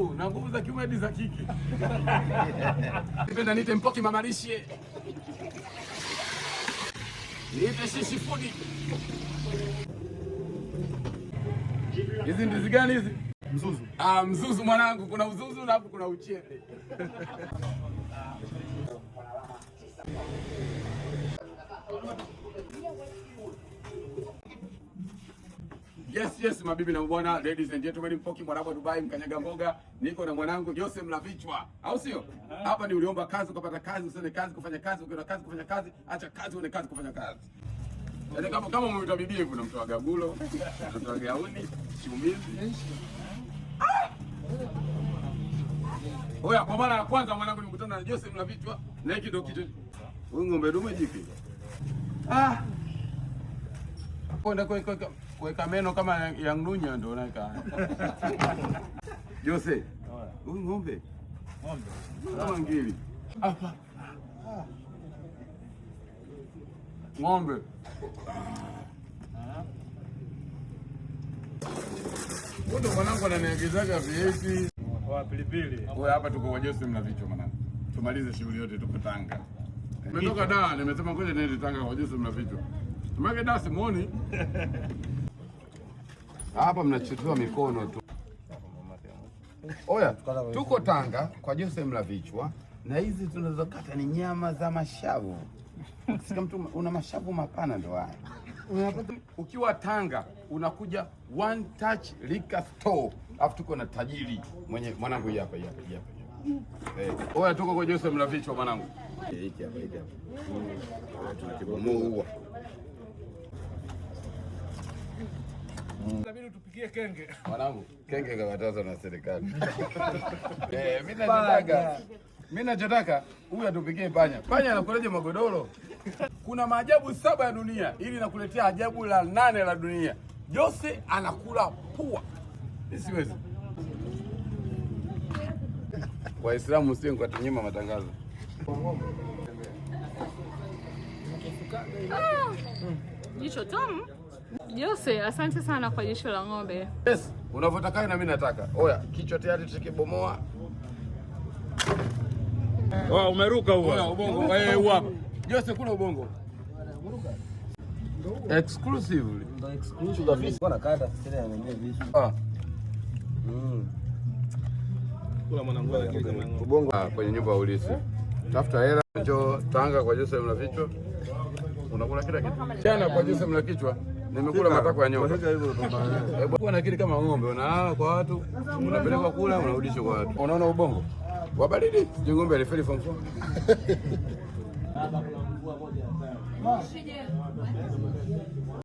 babu na nguvu za kiume hadi za kike. Nipenda nite mpoki mamalishe niite shishi fudi. Hizi ndizi gani hizi? Mzuzu. Ah, mzuzu mwanangu, kuna uzuzu na hapo kuna uchende. Yes, yes, mabibi na mabwana, ladies and gentlemen, mpoki mwarabu Dubai, mkanyaga mboga, niko na mwanangu Joseph Mlavichwa, au sio? Hapa ni uliomba kazi ukapata kazi, usende kazi kufanya kazi, ukiona kazi kufanya kazi, acha kazi uende kazi kufanya kazi. Yaani kama kama mmeita bibi hivyo, namtoa gabulo, namtoa gauni, chumizi. Ah! Oya, kwa mara ya kwanza mwanangu nimekutana na Joseph Mlavichwa na hiki ndio kitu. Wewe ng'ombe dume jipi? Ah. Kwenda kwenda kuweka meno kama ya ng'unya ndio unaweka. Jose. Huyu ng'ombe. Ng'ombe. Kama ngili. Hapa. Ng'ombe. Ndio mwanangu ananiagizaga vieti. Wa pilipili. Wewe hapa tuko kwa Jose mna vichwa mwanangu. Tumalize shughuli yote tuko Tanga. Nimetoka da, nimesema ngoja niende Tanga kwa Jose mna vichwa. Tumake da simuoni. Hapa mnachutua mikono tu. Oya, tuko Tanga kwa Jose mla vichwa, na hizi tunazokata ni nyama za mashavu. Sika mtu una mashavu mapana, ndo haya. Ukiwa Tanga unakuja One Touch Liquor Store, afu tuko na tajiri mwenye mwanangu hapa hapa hapa. Eh, oya, tuko kwa Jose mla vichwa mwanangu. Eh, hiki hapa hiki hapa. Tunakibomoa. Pigie kenge. Mwanangu, kenge kawatazwa na serikali. Eh, nachotaka huyu atupigie panya. Panya anakuleje magodoro? Kuna maajabu saba ya dunia ili nakuletea ajabu la nane la dunia. Jose anakula pua. Siwezi. Waislamu sio kwa tunyima matangazo. Jicho ah, tamu. Jose, asante sana kwa jisho la ng'ombe. Yes, unavyotaka na mimi nataka. Oya, kichwa tayari tukibomoa. Oh, Oya, umeruka huo. Ubongo. Eh, hapo. Jose, kuna ubongo. Umeruka. Exclusively. Ndio exclusive. Bwana kata tena anaingia vitu. Ah. Mm. Kula mwanangu lakini kama ubongo ah, kwenye nyumba ya ulisi. Tafuta hela njoo Tanga kwa Jose mna vichwa. Unakula kila kitu. Tena kwa Jose mna kichwa nimekula matako ya nyoka. Bwana akili kama ng'ombe, unalala kwa watu, unapelekwa kula, unarudishwa kwa watu. Unaona ubongo wabaridi, sijui ng'ombe alifeli form four.